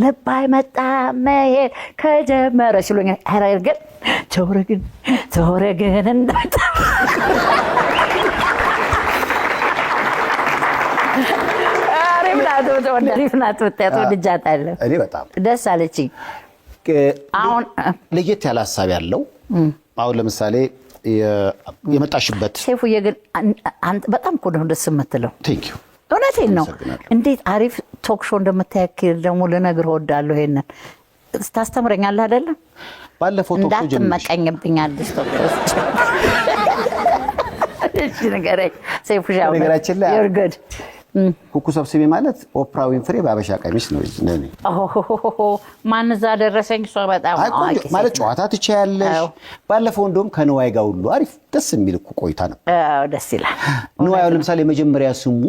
ልብ አይመጣ መሄድ ከጀመረ ግን ግን ደስ አለችኝ። አሁን ለየት ያለ ሀሳብ ያለው አሁን ለምሳሌ የመጣሽበት ሴፉዬ ግን በጣም እኮ ነው ደስ የምትለው። እውነቴን ነው። እንዴት አሪፍ ቶክ ሾው እንደምታያክል ደግሞ ልነግርህ እወዳለሁ። ይሄንን ታስተምረኛለህ አይደለም? ባለፈው እንዳትመቀኝብኝ አዲስ ቶክ ሾው ነገራችን ላይ ኩኩ ሰብስቢ ማለት ኦፕራ ዊንፍሬ በአበሻ ቀሚስ ነው። ማን እዛ ደረሰኝ። እሷ በጣም ማለት ጨዋታ ባለፈው እንደውም ከንዋይ ጋር ሁሉ አሪፍ ደስ የሚል እኮ ቆይታ ነው። ደስ ይላል። ንዋይ ለምሳሌ የመጀመሪያ ስሙ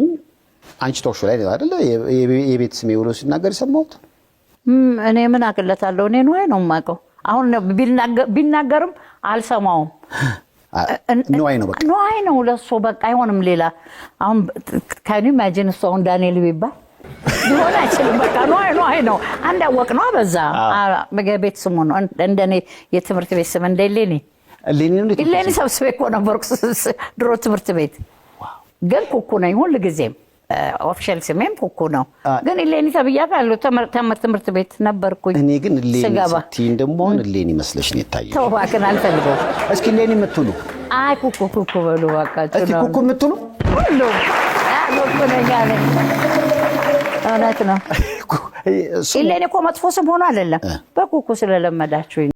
አንቺ ቶክሾ ላይ አይደለ የቤት ስሜ ብሎ ሲናገር የሰማሁት እኔ ምን አቅለታለሁ? እኔ ንዋይ ነው የማውቀው። አሁን ቢናገርም አልሰማውም ነዋይ ነው በቃ ነዋይ ነው በቃ አይሆንም። ሌላ አሁን እሱ አሁን ዳንኤል ቢባል ሊሆን አይችልም። በቃ ነዋይ ነዋይ ነው። ነው በዛ ቤት ስሙ ነው እንደኔ የትምህርት ቤት ስም ሌኒ ሰብስቤ እኮ ነበርኩ ድሮ ትምህርት ቤት ግን ኩኩ ነኝ ጊዜም ኦፊሻል ስሜም ኩኩ ነው፣ ግን እሌኒ ተብያለሁ። ትምህርት ቤት ነበርኩኝ። እኔ ግን እሌኒ ስትይ ደግሞ አሁን እሌኒ መስለሽ ነው የታየሽ። ተው እባክህን አልፈልገውም። እስኪ እሌኒ የምትሉ አይ ኩኩ ኩኩ በሉ እባካችሁ። እስኪ ኩኩ የምትሉ ሁሉ ኩኩ ነኝ አለኝ። እውነት ነው። እሌኒ እኮ መጥፎ ስም ሆኖ አይደለም፣ በኩኩ ስለለመዳችሁኝ